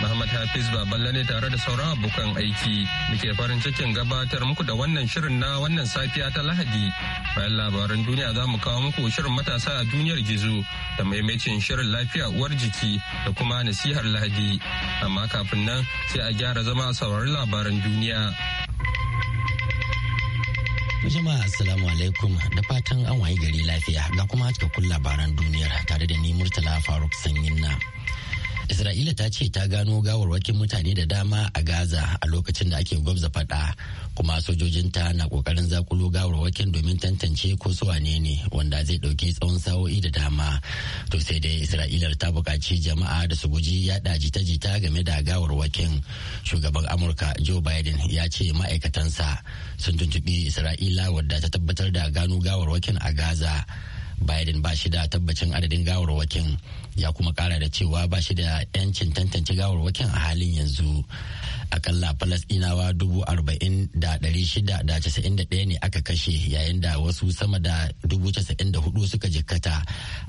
Muhammad Hafiz Baballe ne tare da sauran abokan aiki muke farin cikin gabatar muku da wannan shirin na wannan safiya ta Lahadi. Bayan labaran duniya za mu kawo muku shirin matasa a duniyar gizo da maimacin shirin lafiya uwar jiki da kuma nasihar Lahadi. Amma kafin nan sai a gyara zama a saurari labaran duniya. Jama'a Assalamu alaikum da fatan an waye gari lafiya ga kuma cikakkun labaran duniyar tare da ni Murtala Faruk Sanyin na. Isra'ila ta ce ta gano gawarwakin mutane da dama a Gaza a lokacin da ake gwamza fada kuma sojojinta na kokarin zakulo gawarwakin domin tantance ko su wane ne wanda zai dauki tsawon sa'o'i da dama. To sai dai Isra'ila ta bukaci jama'a da su guji yada jita-jita game da gawarwakin. Shugaban Amurka Joe Biden ya ce ma'aikatansa sun tuntuɓi Isra'ila wadda ta tabbatar da gano gawarwakin a Gaza. biden ba shi da tabbacin adadin gawarwakin ya kuma kara da cewa ba shi da 'yancin tantance gawarwakin a halin yanzu akalla falasdinawa dubu arba'in da dari shida da casa'in da ɗaya ne aka kashe yayin da wasu sama da dubu casa'in da hudu suka jikkata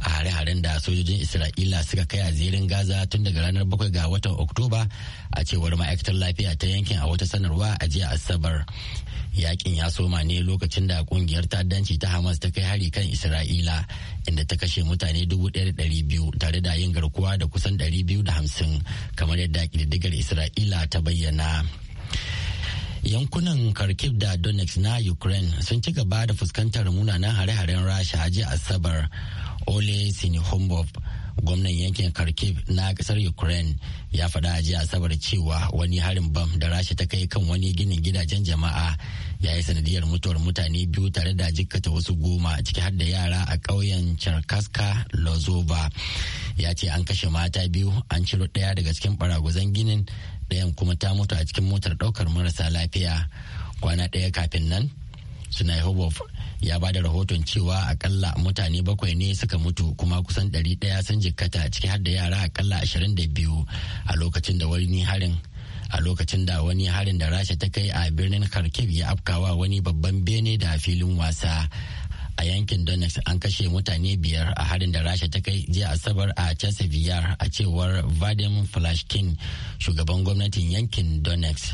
a hare-haren da sojojin isra'ila suka kai a zirin gaza tun daga ranar bakwai ga watan oktoba a cewar ma'aikatar lafiya ta yankin a wata sanarwa a jiya asabar yakin ya soma ne lokacin da kungiyar ta'addanci ta hamas ta kai hari kan isra'ila inda ta kashe mutane 1,200 tare da yin garkuwa da kusan 250 kamar yadda ƙididdigar isra'ila ta bayyana yankunan kharkiv da donetsk na ukraine sun ci gaba da fuskantar munanan hare-haren rasha a asabar ole sinihombov gwamnan yankin kharkiv na kasar ukraine ya faɗa a jiya asabar cewa wani harin bam da rasha ta kai kan wani ginin gidajen jama'a ya yi sanadiyar mutuwar mutane biyu tare da jikkata wasu goma ciki har da yara a ƙauyen charkaska lozova ya ce an kashe mata biyu an ciro ɗaya daga cikin baraguzan ginin ɗayan kuma ta mutu a cikin motar ɗaukar marasa lafiya kwana ɗaya kafin nan suna hobov ya ba da rahoton cewa akalla mutane bakwai ne suka mutu kuma kusan ɗari ɗaya sun jikkata ciki har da yara akalla ashirin da biyu a lokacin da wani harin a lokacin da wani harin da rasha ta kai a birnin kharkiv ya afkawa wani babban bene da filin wasa a yankin donetsk an kashe mutane biyar a harin da rasha ta kai jiya asabar a chesapeake a cewar vadim flashkin shugaban gwamnatin yankin donetsk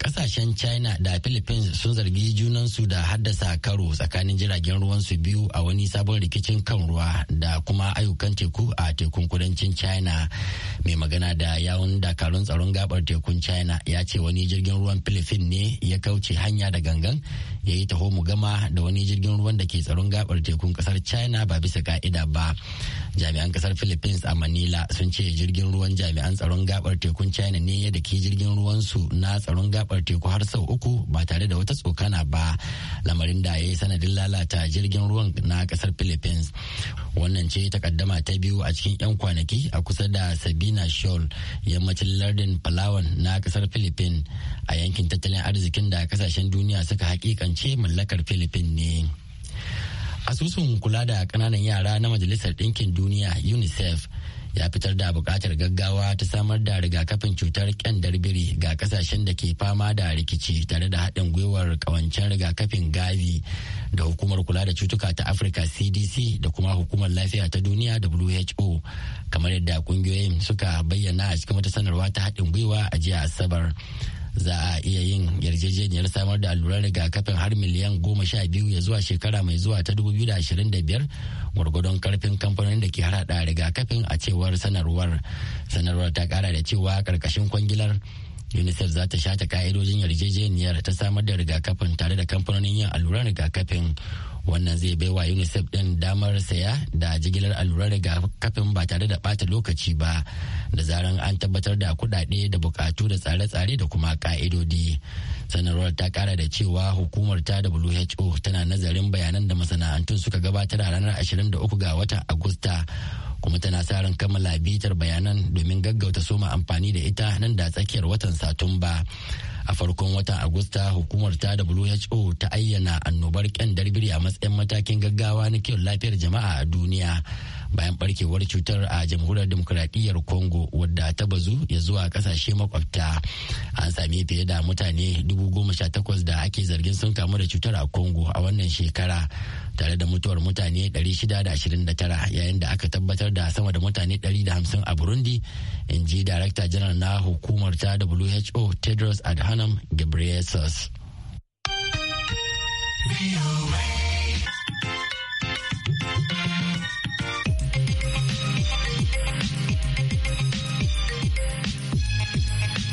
Kasashen China da Philippines sun zargi junansu da haddasa karo tsakanin jiragen ruwansu biyu a wani sabon rikicin kan ruwa da kuma ayyukan teku a tekun kudancin China. Mai magana da yawun dakarun tsaron gabar tekun China ya ce wani jirgin ruwan Philippines ne ya kauce hanya da gangan ya yi taho mu gama da wani jirgin ruwan da ke tsaron gabar tekun kasar China ba bisa ka'ida ba. Jami'an kasar Philippines a Manila sun ce jirgin ruwan jami'an tsaron gabar tekun China ne ya daki jirgin ruwansu na tsaron gabar gabar teku har sau uku ba tare da wata tsokana ba lamarin da ya yi sanadin lalata jirgin ruwan na kasar philippines wannan ce takaddama ta biyu a cikin 'yan kwanaki a kusa da sabina shoal yammacin lardin palawan na kasar philippines a yankin tattalin arzikin da kasashen duniya suka hakikance mallakar philippines ne asusun kula da kananan yara na majalisar ɗinkin duniya unicef ya fitar da bukatar gaggawa ta samar da rigakafin cutar kyandar biri ga kasashen da ke fama da rikici tare da haɗin gwiwar kawancen rigakafin gavi da hukumar kula da cutuka ta afirka cdc da kuma hukumar lafiya ta duniya who kamar yadda ƙungiyoyin suka bayyana a cikin wata sanarwa ta haɗin gwiwa a jiya asabar. za a iya yin yarjejeniyar samar da alluran rigakafin har miliyan goma sha biyu ya zuwa shekara mai zuwa ta ashirin da biyar gwargwadon karfin kamfanonin da ke harada rigakafin a cewar sanarwar sanarwar ta kara da cewa karkashin kwangilar unicef za ta shata ka'idojin yarjejeniyar ta samar da rigakafin tare da kamfanonin yin alluran rigakafin wannan zai bai wa unicef din damar saya da jigilar alluran rigakafin ba tare da bata lokaci ba da zaran an tabbatar da kudade da bukatu da tsare-tsare da kuma ka'idodi sanarwar ta kara da cewa hukumar ta who tana nazarin bayanan da masana'antun suka gabatar a ranar 23 ga watan agusta kuma tana sa ran kammala bitar bayanan domin gaggauta soma amfani da ita nan da tsakiyar watan satumba a farkon watan agusta hukumar ta who ta ayyana annobar kyan biri a matsayin matakin gaggawa na kiwon lafiyar jama'a a duniya bayan barkewar cutar a jamhuriyar demokuraɗiyyar congo wadda ta bazu ya zuwa kasashe makwabta an sami fiye da mutane dubu goma sha takwas da ake zargin sun kamu da cutar a congo a wannan shekara tare da mutuwar mutane 629 yayin da aka tabbatar da sama da mutane 150 a burundi in ji darakta janar na hukumar ta who tedros adhanom ghebreyesus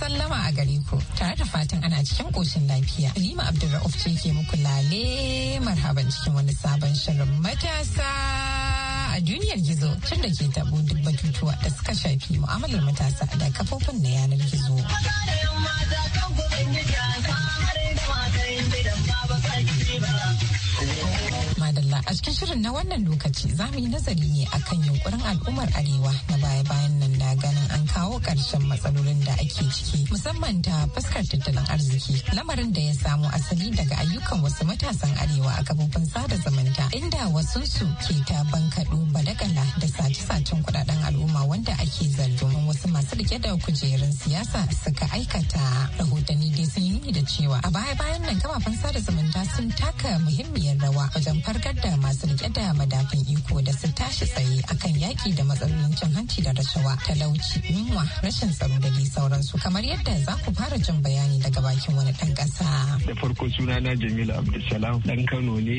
sallama a gare ku tare da fatan ana cikin koshin lafiya. Halima Abdulra'uf ce ke muku lale marhaban cikin wani sabon shirin matasa a duniyar gizo tun da ke tabo duk batutuwa da suka shafi mu'amalar matasa da kafofin na yanar gizo. a cikin shirin na wannan lokaci za mu yi nazari ne a kan yunkurin al'ummar Arewa na baya-bayan nan na ganin an kawo ƙarshen matsalolin da ake ciki musamman ta fuskar tattalin arziki lamarin da ya samo asali daga ayyukan wasu matasan Arewa a kafofin sada zumunta inda su ke ta bankaɗo badagala da sace-sacen kuɗaɗen al'umma wanda ake zargin wasu masu rike da kujerun siyasa suka aikata rahotanni dai sun yi da cewa a baya-bayan nan kafafen sada zumunta sun taka muhimmiyar rawa wajen farkar da ga masu rike da madafin iko da su tashi tsaye akan yaki da matsalolin cin hanci da rashawa talauci yunwa rashin tsaro da dai sauransu kamar yadda za ku fara jin bayani daga bakin wani dan kasa da farko sunana jamilu abdulsalam dan kano ne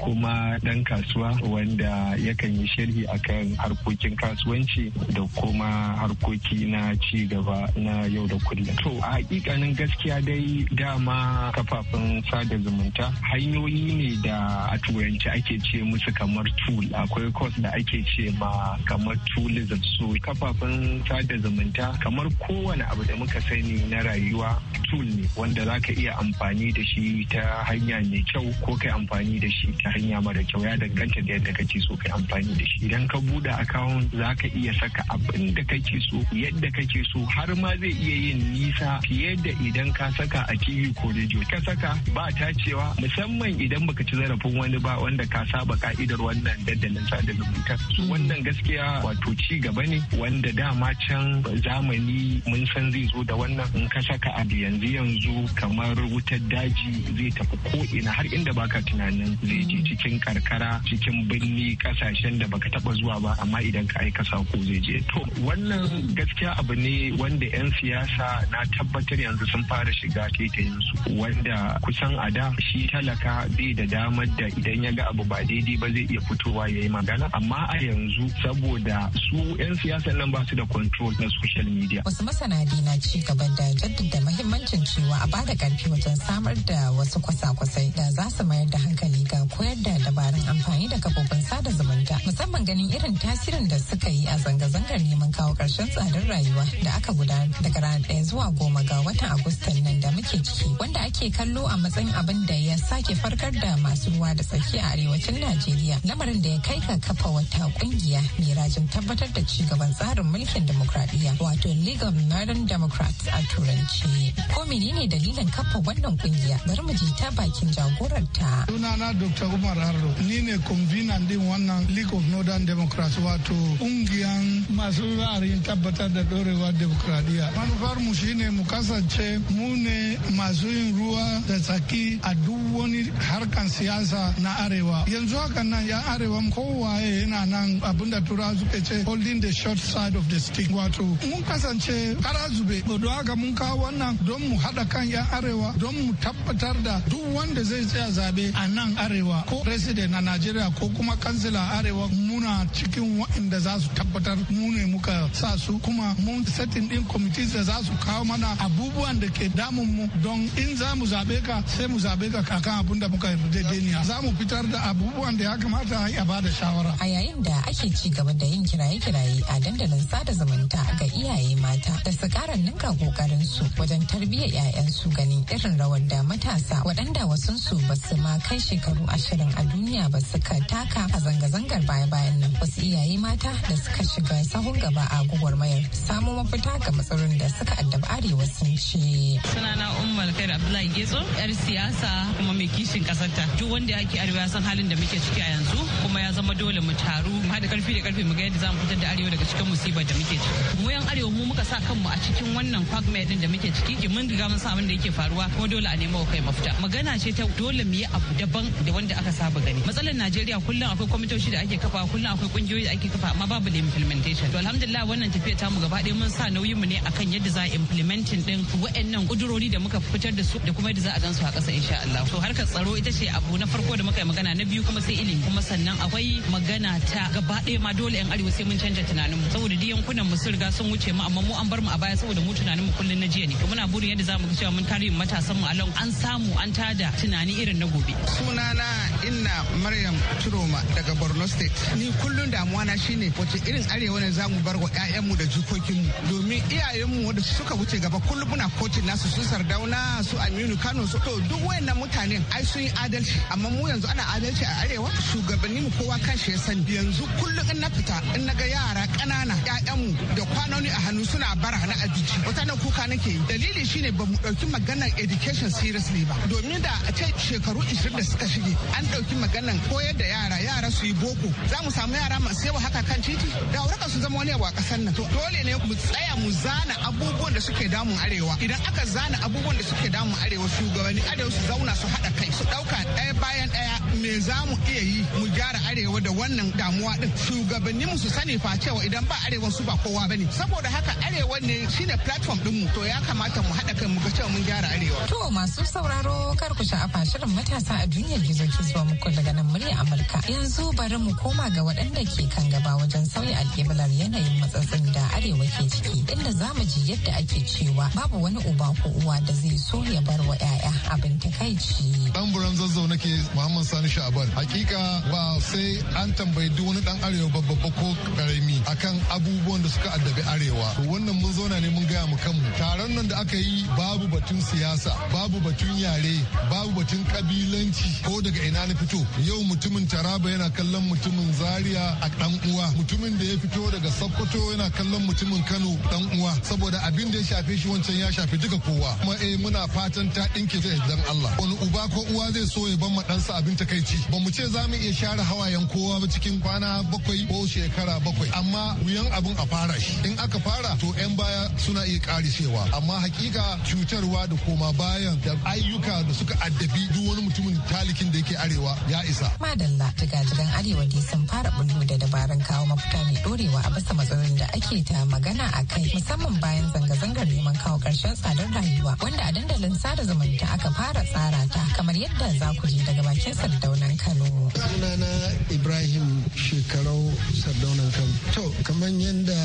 kuma dan kasuwa wanda yakan yi sharhi akan harkokin kasuwanci da kuma harkoki na ci gaba na yau da kullum to a hakikanin gaskiya dai dama kafafen sada zumunta hanyoyi ne da a turanci ake ake ce musu kamar tool akwai course da ake ce ma kamar tourism so kafafen sada zumunta kamar kowane abu da muka sani na rayuwa tool ne wanda za ka iya amfani da shi ta hanya mai kyau ko kai amfani da shi ta hanya mara kyau ya danganta da yadda kake so kai amfani da shi idan ka buɗe account za ka iya saka abin da kake so yadda kake so har ma zai iya yin nisa fiye da idan ka saka a TV ko radio ka saka ba ta cewa musamman idan baka ci zarafin wani ba wanda ka saba ka'idar wannan dandalin sada zumunta mm-hmm. wannan gaskiya wato ci gaba ne wanda dama can zamani mun san zai zo da wannan in ka saka abu yanzu yanzu kamar wutar daji zai tafi ko ina har inda baka tunanin zai je mm-hmm. cikin karkara cikin birni kasashen da baka taba zuwa ba amma idan ka aika sako zai je to wannan gaskiya abu ne wanda 'yan siyasa na tabbatar yanzu sun fara shiga su wanda kusan a da shi talaka bai da damar da idan ya ga abu ba daidai ba zai iya fitowa ya yi magana amma a yanzu saboda su 'yan siyasar nan ba su da control na social media. Wasu masana na ci gaban da jaddada mahimmancin cewa a bada karfi wajen samar da wasu kwasa-kwasai da za su mayar da hankali ga koyar da dabarun amfani da kafofin sada zumunta musamman ganin irin tasirin da suka yi a zanga-zangar neman kawo karshen tsadar rayuwa da aka gudanar daga ranar ɗaya zuwa goma ga watan agustan nan da muke ciki wanda ake kallo a matsayin abin da ya sake farkar da masu ruwa da tsaki a arewa arewacin Najeriya lamarin da ya kai ga kafa wata kungiya mai rajin tabbatar da cigaban tsarin mulkin demokradiyya wato League of Northern Democrats a turanci. Ko menene dalilin kafa wannan kungiya? Bari mu ji ta bakin jagoranta. Sunana Dr. Umar Harro ni ne convener din wannan League of Northern Democrats wato kungiyan masu ra'ayin tabbatar da dorewa demokradiyya. Manufar mu shine mu kasance mu ne masu yin ruwa da tsaki a duk wani harkan siyasa na arewa yanzu hakan nan ya arewa kowaye yana nan abinda tura suke ce holding the short side of the stick wato mun kasance kara zube don haka mun kawo wannan don mu haɗa kan yan arewa don mu tabbatar da duk wanda zai tsaya zabe a nan arewa ko president na najeriya ko kuma kansila arewa muna cikin waɗanda za su tabbatar mu ne muka sa su kuma mun setting din committees da za su kawo mana abubuwan da ke damun mu don in za mu zaɓe ka sai mu zaɓe ka kakan abun da muka yarda za mu fitar da abubuwan da ya kamata a yi a bada shawara. A yayin da ake ci gaba da yin kiraye-kiraye a dandalin sada zumunta ga iyaye mata da su ƙara ninka su wajen tarbiyyar 'ya'yansu ganin irin rawar da matasa waɗanda wasunsu ba su ma kai shekaru ashirin a duniya ba suka taka a zanga-zangar baya-bayan nan wasu iyaye mata da suka shiga sahun gaba a mayar samun mafita ga matsalolin da suka addaba arewa sun ce. sunana umar kai abdullahi getso yar siyasa kuma mai kishin kasarta duk wanda ake arewa san halin da muke ciki a yanzu kuma ya zama dole mu taru mu haɗa karfi da karfe mu ga yadda za mu fitar da arewa daga cikin musibar da muke ciki mu yan arewa mu muka sa kanmu a cikin wannan kwagmayar din da muke ciki mun riga mun sa da yake faruwa kuma dole a nemo kai mafita magana ce ta dole mu yi abu daban da wanda aka saba gani matsalar najeriya kullum akwai kwamitoci da ake kafa kullum akwai kungiyoyi da ake kafa amma babu da implementation to alhamdulillah wannan tafiya ta mu gaba ɗaya mun sa nauyin mu ne akan yadda za a implementing din wa'annan kudurori da muka fitar da su da kuma yadda za a gan su a ƙasa insha Allah to harkar tsaro ita ce abu na farko da muka yi magana na biyu kuma sai ilimi kuma sannan akwai magana ta gaba ɗaya ma dole yan arewa sai mun canja tunaninmu saboda duk yankunan mu sun riga sun wuce mu amma mu an bar mu a baya saboda mu tunaninmu kullum na jiya ne muna burin yadda za mu ga cewa mun tarihin matasan mu a an samu an an tada tunani irin na gobe. Sunana inna Maryam Turoma daga Borno State. Ni kullum damuwa na shine wace irin arewa ne zamu bar wa 'ya'yanmu da jikokinmu domin iyayenmu wanda suka wuce gaba kullum muna kocin nasu su Sardauna su Aminu Kano su to duk wayannan mutanen ai sun yi adalci amma mu yanzu ana adalci a arewa shugabanni mu kowa kan shi ya sani yanzu kullum in na fita in na ga yara ƙanana mu da kwanoni a hannu suna bara na abinci wata nan kuka nake dalili shine bamu mu ɗauki maganar education seriously ba domin da a ce shekaru 20 da suka shige an ɗauki maganan koyar da yara yara su yi boko za mu samu yara masu yawa haka kan titi da auraka su zama wani abu a ƙasar nan dole ne mu tsaya mu zana abubuwan da suke damun arewa idan aka zana abubuwan da suke damun arewa shugabanni arewa su zauna su haɗa kai su ɗauka ɗaya bayan ɗaya me za mu iya yi mu gyara arewa da wannan damuwa ɗin shugabanni mu su sani fa cewa idan ba arewa su ba kowa bane saboda haka arewa ne shine platform ɗinmu to ya kamata mu haɗa kai mu ga cewa mun gyara arewa to masu sauraro sauraro kar ku sha'afa shirin matasa a duniyar gizo ke zuwa muku daga nan murya Amurka. Yanzu bari mu koma ga waɗanda ke kan gaba wajen sauya alƙiblar yanayin matsatsin da arewa ke ciki inda zamu ji yadda ake cewa babu wani uba ko uwa da zai so ya bar wa 'ya'ya abin takaici. Dan buran zazzau ke Muhammad Sani Sha'aban. Hakika ba sai an tambayi duk wani ɗan arewa babba ko karami akan abubuwan da suka addabi arewa. To wannan mun zauna ne mun gaya mu kanmu. Taron nan da aka yi babu batun siyasa, babu batun yare, babu batun kabilanci ko daga ina na fito yau mutumin taraba yana kallon mutumin zaria a dan uwa mutumin da ya fito daga sokoto yana kallon mutumin kano dan uwa saboda abin da ya shafe shi wancan ya shafe duka kowa kuma eh muna fatan ta dinke ta dan Allah wani uba ko uwa zai so ya ban ma ɗansa abin takaici ba mu ce za mu iya share hawayen kowa ba cikin kwana bakwai ko shekara bakwai amma wuyan abin a fara shi in aka fara to 'yan baya suna iya karishewa amma hakika cutarwa da koma bayan da ayyuka da suka addabi duk wani mutumin talikin da yake arewa ya isa. Madalla jigan arewa dai sun fara bullo da dabarun kawo mafuta mai dorewa a bisa matsalolin da ake ta magana a kai musamman bayan zanga-zangar neman kawo ƙarshen tsadar rayuwa wanda a dandalin sada zumunta aka fara tsara ta kamar yadda za ku je daga bakin sardaunan Kano. Sunana Ibrahim shekarau sardaunan Kano. To kamar yadda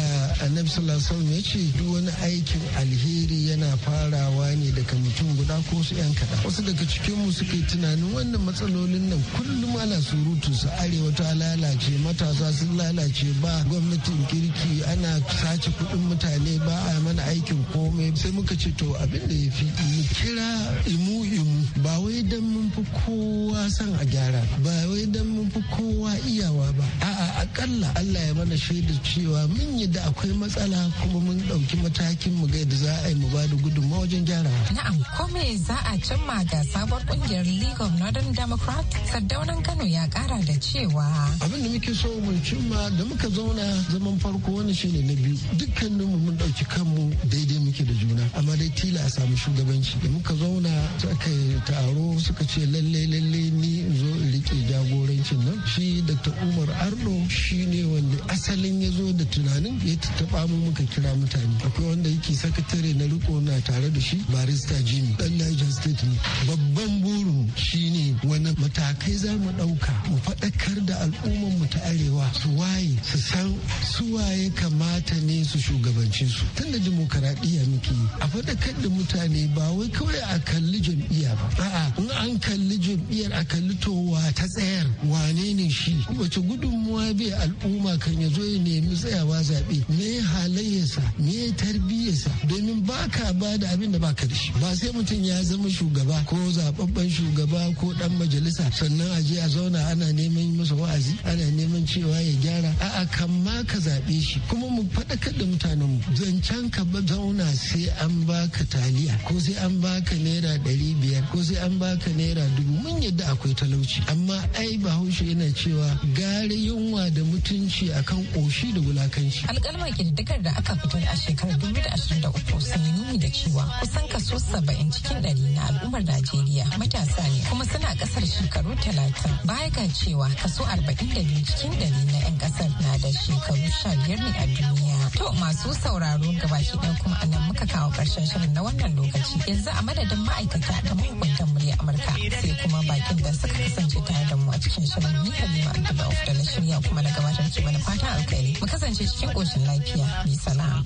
Annabi sallallahu alaihi ya ce duk wani aikin alheri yana farawa ne daga mutum guda ko su 'yan kaɗan. wasu daga cikin cikinmu suke tunanin wannan matsalolin nan kullum ana surutu su arewa ta lalace matasa sun lalace ba gwamnatin kirki ana sace kuɗin mutane ba a mana aikin komai sai muka ce to abin da ya fi mu kira imu imu ba wai dan mun fi kowa san a gyara ba wai dan mun fi kowa iyawa ba a'a akalla Allah ya mana shaida cewa mun yadda akwai matsala kuma mun ɗauki matakin mu ga yadda za a yi mu ba da gudunmawa wajen gyara na'am ko za a cimma zuwa ga sabuwar kungiyar League of Northern Democrats, Saddaunan Kano ya kara da cewa. Abin da muke so mu cimma da muka zauna zaman farko wani shine na biyu. Dukkanin mu mun dauki kanmu daidai muke da juna, amma dai tila a samu shugabanci. Da muka zauna aka yi taro suka ce lalle lalle ni zo in rike jagorancin nan. Shi Dr. Umar Arno shine wanda asalin ya zo da tunanin ya tattaba mu muka kira mutane. Akwai wanda yake sakatare na riko na tare da shi barista Jimmy. ɗan Niger State ne. babban burin shine wani matakai za mu ɗauka mu faɗakar da mu ta arewa su waye su san su waye kamata ne su shugabanci su tunda dimokuraɗiyya muke a faɗakar da mutane ba wai kawai a kalli jam'iyya ba a'a in an kalli jam'iyyar a kalli towa ta tsayar wane ne shi wace gudunmuwa bai al'umma kan ya zo ya nemi tsayawa zaɓe me halayyarsa me tarbiyyarsa domin ba ka ba da abin da ba ka da shi ba sai mutum ya zama shugaba shugaba ko zababben shugaba ko dan majalisa sannan a je a zauna ana neman masa wa'azi ana neman cewa ya gyara a'a kan ma ka zaɓe shi kuma mu faɗakar da mutanen mu zancen ka zauna sai an baka taliya ko sai an baka naira ɗari biyar ko sai an baka naira dubu mun yadda akwai talauci amma ai bahaushe yana cewa gare yunwa da mutunci akan ƙoshi da wulakanci. alƙalmar ƙididdigar da aka fitar a shekarar 2023 sun yi nuni da cewa kusan kaso saba'in cikin ɗari na al'ummar Najeriya matasa ne kuma suna kasar shekaru talatin baya ga cewa kaso arba'in da biyu cikin ɗari na 'yan kasar na da shekaru sha biyar ne a duniya. To masu sauraro baki ɗaya kuma anan muka kawo ƙarshen shirin na wannan lokaci yanzu a madadin ma'aikata da mahukuntan murya Amurka sai kuma bakin da suka kasance tare da mu a cikin shirin ni Halima Abdullahi da na shirya kuma na gabatar ke mana fatan alkhairi mu kasance cikin ƙoshin lafiya bi salam.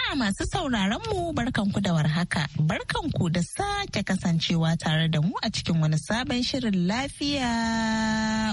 masu sauraron mu barkanku da warhaka. Barkanku da sake kasancewa tare da mu a cikin wani sabon shirin lafiya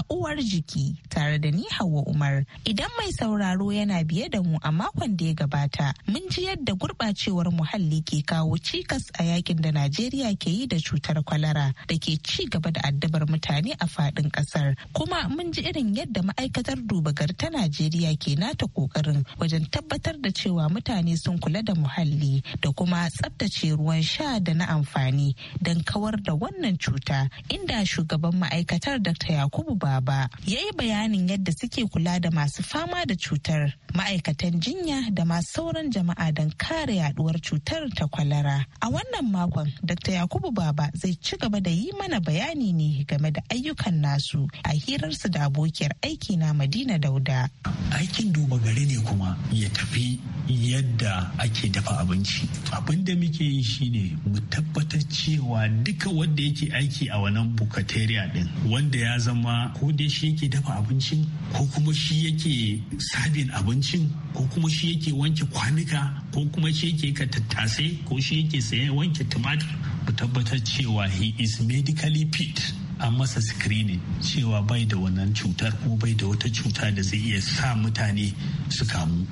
uwar jiki tare da ni Hauwa Umar. Idan mai sauraro yana biye da mu a makon da ya gabata, mun ji yadda gurbacewar muhalli ke kawo cikas a yakin da Najeriya ke yi da cutar kwalara da ke ci gaba da addabar mutane a faɗin ƙasar. Kuma mun ji irin yadda ma'aikatar duba gari ta Najeriya ke nata ƙoƙarin wajen tabbatar da cewa mutane sun kula kula da muhalli da kuma tsabtace ruwan sha da na amfani don kawar da wannan cuta inda shugaban ma'aikatar Dr. Yakubu Baba ya yi bayanin yadda suke kula da masu fama da cutar ma'aikatan jinya da masu sauran jama'a don kare yaduwar cutar ta kwalara. A wannan makon Dr. Yakubu Baba zai ci gaba da yi mana bayani ne game da ayyukan nasu a hirarsu da abokiyar aiki na Madina Dauda. Aikin duba gari ne kuma ya tafi yadda ake dafa abinci abin da muke yi shine mu tabbatar cewa duka wanda yake aiki a wannan bukateriya din wanda ya zama ko da shi yake dafa abincin ko kuma shi yake sabin abincin ko kuma shi yake wanke kwanuka ko kuma shi yake ka tattase ko shi yake saye wanke tumatir mu tabbatar cewa he is medically fit an masa screening cewa bai da wannan cutar ko bai da wata cuta da zai iya sa mutane su kamu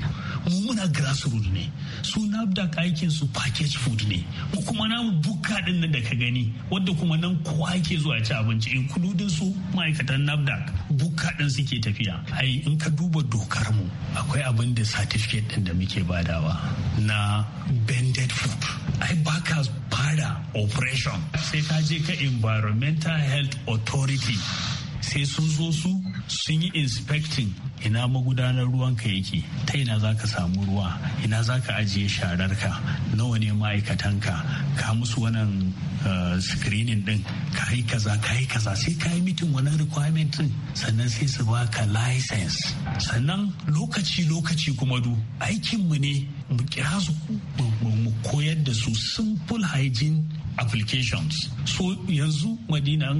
mu muna grassroots ne su nafdac aikin su package food ne mu kuma namu buka din nan da ka gani wadda kuma nan kowa yake zuwa ci abinci including su ma'aikatan nabda buka din suke tafiya ai in ka duba dokar mu akwai abin da certificate din da muke badawa na bended food ai baka da operation sai ka je ka environmental health authority sai sun zo su sun yi inspecting ina magudanar ruwanka yake ta ina za ka samu ruwa ina za ka ajiye shararka nawa ne ma'aikatanka ka musu wannan eh, screening din ka yi kaza ka yi kaza sai ka yi mitin wannan requirement din sannan sai su ba ka license sannan lokaci lokaci kuma du aikinmu ne mu kira su koyar da su simple hygiene applications so yanzu madina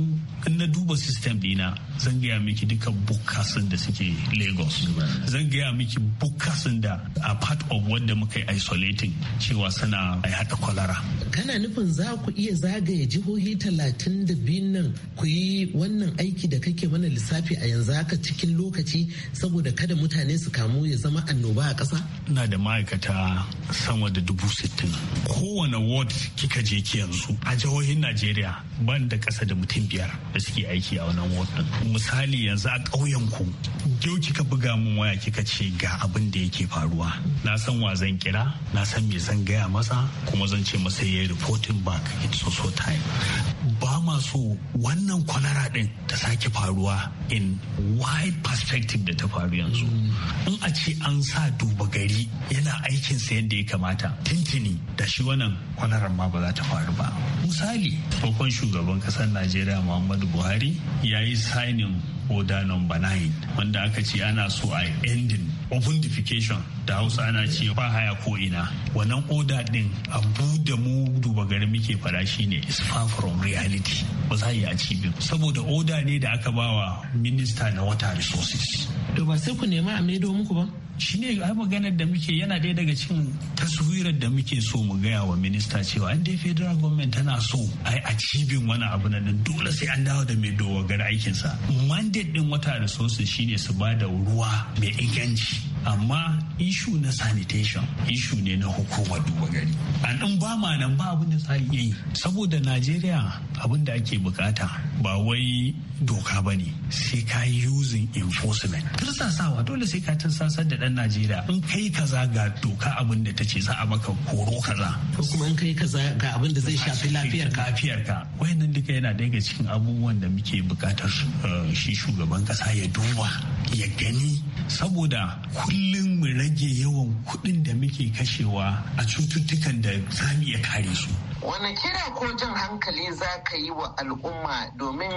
in na duba system dina zan gaya miki duka bukasin da suke lagos zan gaya miki bukasin da a part of wanda muka yi isolating cewa suna haɗa kwalara kana nufin za ku iya zagaya jihohi talatin da biyun nan ku yi wannan aiki da kake mana lissafi a yanzu haka cikin lokaci saboda kada mutane su kamu ya zama annoba a ƙasa na da ma'aikata sama da dubu sittin kowane ward kika je ki yanzu su a jihohin najeriya ban da ƙasa da mutum biyar da suke aiki a wannan ward misali yanzu a ƙauyenku ku yau kika buga mun waya kika ce ga abin da yake faruwa na san wa zan kira na san me zan gaya masa kuma zan ce masa yayi reporting back in so so time ba ma so wannan kwalara din ta sake faruwa in wide perspective da ta faru yanzu in a ce an sa duba gari yana aikin sa yadda ya kamata tintini da shi wannan kwalaran ma ba za ta faru ba misali tsohon shugaban kasar najeriya muhammadu buhari ya yi sainin oda number 9 wanda aka ce ana so a yi ending open defecation da hausa ana ce ba haya ko ina wannan oda din abu da mu duba gari muke fara ne is far from reality ba za yi a saboda oda ne da aka bawa minista na water resources to ba sai ku nema a maido muku ba shi ne a maganar da muke yana daya daga cin. taswirar da muke so mu gaya wa minista cewa an dai federal government tana so a yi acibin wani abu na nan dole sai an dawo da mai dogara aikinsa mandate din wata resources shine su ba da ruwa mai inganci amma ishu na sanitation ishu ne na hukumar duba gari a nan ba ma nan ba abin da tsari yi saboda najeriya abin da ake bukata ba wai doka ba ne sai ka using enforcement tursasawa dole sai ka tursasar da ɗan najeriya in kai kaza ga doka abin da ta ce za a maka koro kaza ko kuma in kai kaza ga abin da zai shafi lafiyar ka lafiyar ka wayannan duka yana daga cikin abubuwan da muke bukatar eh, shi shugaban kasa ya duba ya gani saboda kullum mu rage yawan kuɗin da muke kashewa a cututtukan da za mu iya kare su. Wane kira ko jan hankali za ka yi wa al'umma domin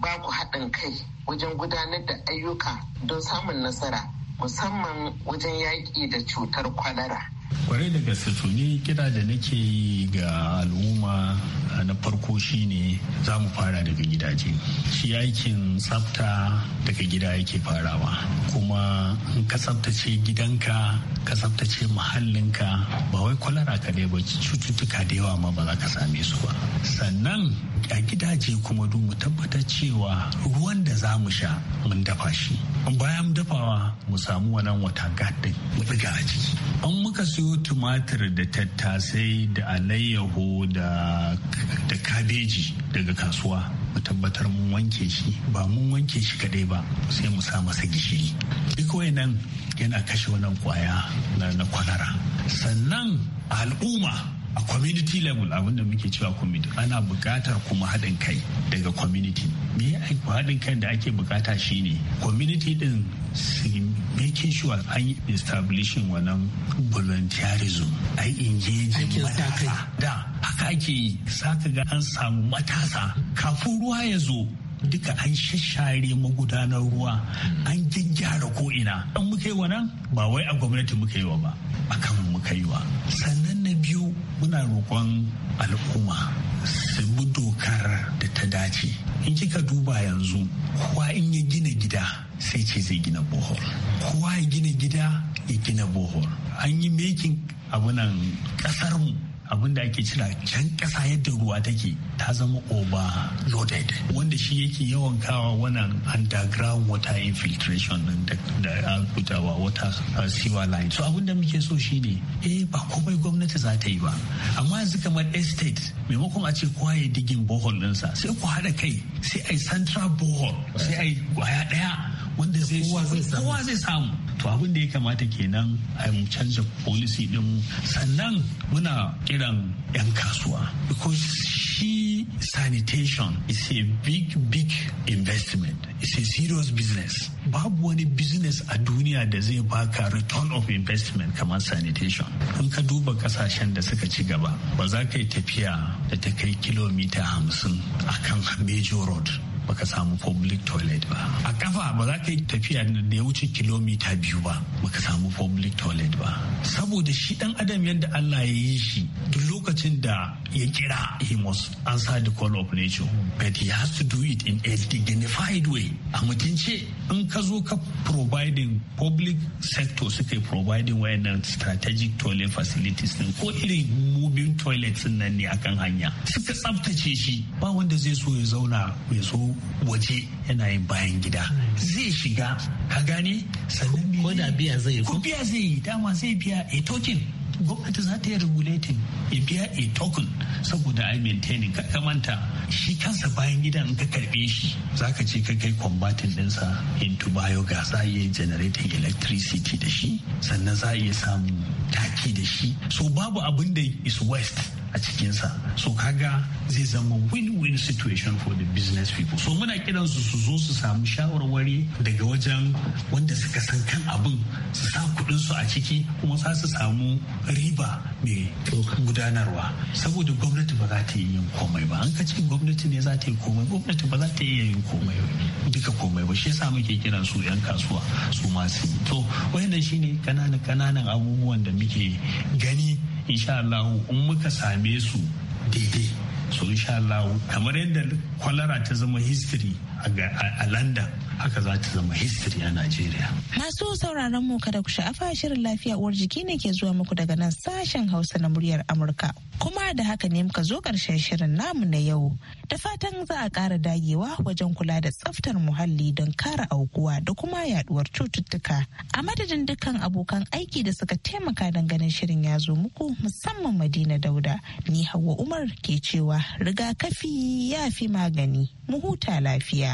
ba ku haɗin kai wajen gudanar da ayyuka don samun nasara? musamman wajen yaƙi da cutar kwalara. kwarai da gaske to kira da nake yi ga al'umma na farko shine za mu fara daga gidaje shi aikin tsafta daga gida yake farawa kuma in ka tsaftace gidanka ka tsaftace muhallinka ba wai kwalara ka ba ki cututtuka da yawa ma ba za ka same su ba sannan a gidaje kuma duk mu tabbatar cewa ruwan da za mu sha mun dafa shi bayan dafawa mu samu wannan wata gada mu buga a ciki an muka siyo tumatir da tattasai da alayyaho da kabeji daga kasuwa mu tabbatar mun wanke shi ba mun wanke shi kadai ba sai mu sa masa gishiri duk wayannan yana kashe wannan kwaya na kwalara sannan al'umma a community level abin da muke cewa community ana buƙatar kuma haɗin kai daga community me ya aiki haɗin kai da ake buƙata shine community ɗin su make sure an yi establishing wannan volunteerism ai engaging matasa da haka ake yi saka ga an samu matasa kafin ruwa ya zo duka an shashare magudanar ruwa an gyaggyara ko'ina an muka yi wa nan ba wai a gwamnati muka yi wa ba A kan muka yi wa sannan na biyu muna roƙon al'umma su bi dokar da ta dace in kika duba yanzu kowa in ya gina gida sai ce zai gina bohol kowa ya gina gida ya gina bohol an yi mekin abunan kasarmu abin da ake cira can ƙasa yadda ruwa take ta zama oba. overloaded wanda shi yake yawan kawa wannan underground water infiltration din da kutawa water uh, sewer line so abin da muke so shine eh ba komai gwamnati za ta yi ba amma yanzu kamar estate maimakon a ce kowa ya digin bohol ɗinsa sai ku haɗa kai sai ayi central bohol sai ai kwaya ɗaya wanda kowa zai samu to abin da ya kamata kenan a canza policy din sannan muna kiran 'yan kasuwa because shi sanitation is a big big investment it's a serious business babu wani business a duniya da zai baka return of investment kamar sanitation in ka duba kasashen da suka ci gaba ba za ka yi tafiya da ta kai kilomita hamsin kan major road baka samu public toilet ba a kafa ba za ka yi tafiya da ya wuce kilomita biyu ba baka samu public toilet ba saboda shi dan adam yadda Allah ya yi shi duk lokacin da ya kira he must answer the call of nature but he has to do it in a dignified way a mutunce in ka zo ka providing public sector suka yi providing wayannan strategic toilet facilities din ko irin moving toilets nan ne akan hanya suka tsabtace shi ba wanda zai so ya zauna ya so waje yana yin bayan gida zai shiga ka gane sannan ko da biya zai ko biya zai yi dama zai biya a token gwamnati za ta yi regulating ya biya a token saboda ai maintaining ka kamanta shi kansa bayan gidan in ka karbe shi za ka ce ka kai combatin dinsa into biogas za a iya generating electricity da shi sannan za a iya samun taki da shi so babu abin da is west. a cikinsa so kaga zai zama win-win situation for the business people so muna kiran su su zo su samu shawarwari daga wajen wanda suka san kan abin su sa su a ciki kuma za su samu riba mai gudanarwa saboda gwamnati ba za ta yi yin komai ba an ka cikin gwamnati ne za ta yi komai gwamnati ba za ta iya yin komai ba duka komai ba shi yasa muke kiran su yan kasuwa su masu to wayannan shine kananan kananan abubuwan da muke gani insha Allah in muka same su daidai so insha Allah kamar yadda kwalara ta zama history a london haka za ta zama history a Najeriya. Masu sauraron mu kada ku sha'afa shirin lafiya uwar jiki ne ke zuwa muku daga nan sashen Hausa na muryar Amurka. Kuma da haka ne muka zo ƙarshen shirin namu na yau. Da fatan za a ƙara dagewa wajen kula da tsaftar muhalli don kare aukuwa da kuma yaduwar cututtuka. A madadin dukkan abokan aiki da suka taimaka don ganin shirin ya zo muku musamman Madina Dauda. Ni Hauwa Umar ke cewa rigakafi ya fi magani. Mu huta lafiya.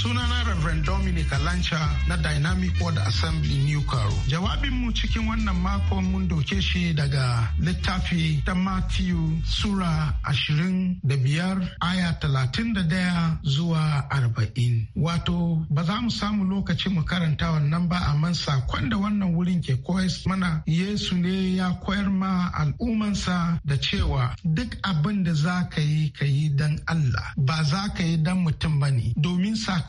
Sunana Reverend Dominic Alancha na Dynamic World Assembly New Caro. mu cikin wannan makon mun doke shi daga littafi ta Matthew Sura ashirin da biyar aya talatin da daya zuwa arba'in. Wato ba za mu samu lokaci mu karanta wannan ba man sakon da wannan wurin ke koyas mana Yesu ne ya koyar ma al'umansa da cewa duk abin da za ka yi ka yi don Allah ba za ka yi don mutum ba ne domin sakon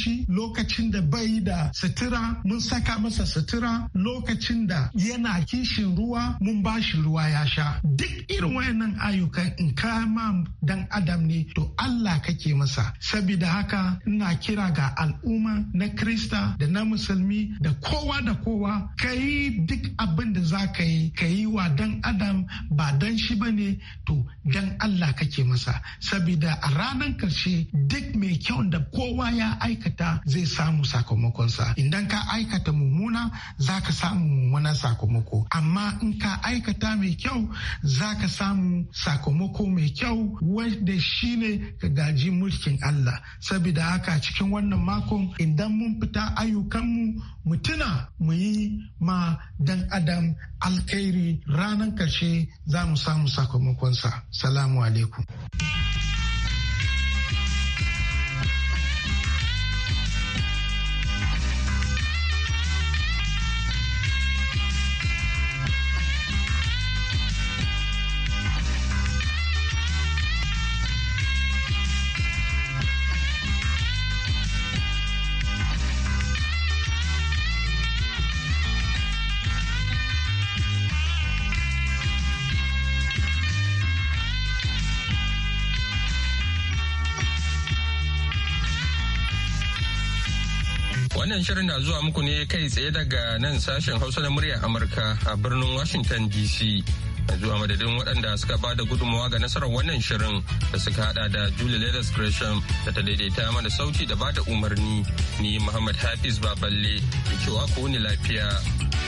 abinci lokacin da bai da sutura mun saka masa sutura lokacin da yana kishin ruwa mun ba shi ruwa ya sha duk irin wayannan ayyukan in kama dan adam ne to Allah kake masa saboda haka ina kira ga al'umma na krista da na musulmi da kowa da kowa ka yi duk abin da za ka yi ka yi wa dan adam ba dan shi ba ne to dan Allah kake masa saboda a ranar karshe duk mai kyau da kowa ya aikata aikata zai samu sakamakonsa idan ka aikata mummuna za ka samu mummunan sakamako amma in ka aikata mai kyau za ka samu sakamako mai kyau wanda ne ka gaji mulkin Allah saboda haka cikin wannan makon idan mun fita ayyukanmu mu tuna mu yi ma dan adam alkhairi ranar karshe za mu samu sakamakonsa salamu alaikum Wannan shirin na zuwa muku ne kai tsaye daga nan sashen Hausa na murya Amurka a birnin Washington DC. zuwa madadin waɗanda suka ba da gudunmawa ga nasarar wannan shirin da suka hada da Julie Leathers Gresham da ta daidaita mana sauti da ba da umarni ni Muhammad Hafiz Baballe da cewa ku ni lafiya.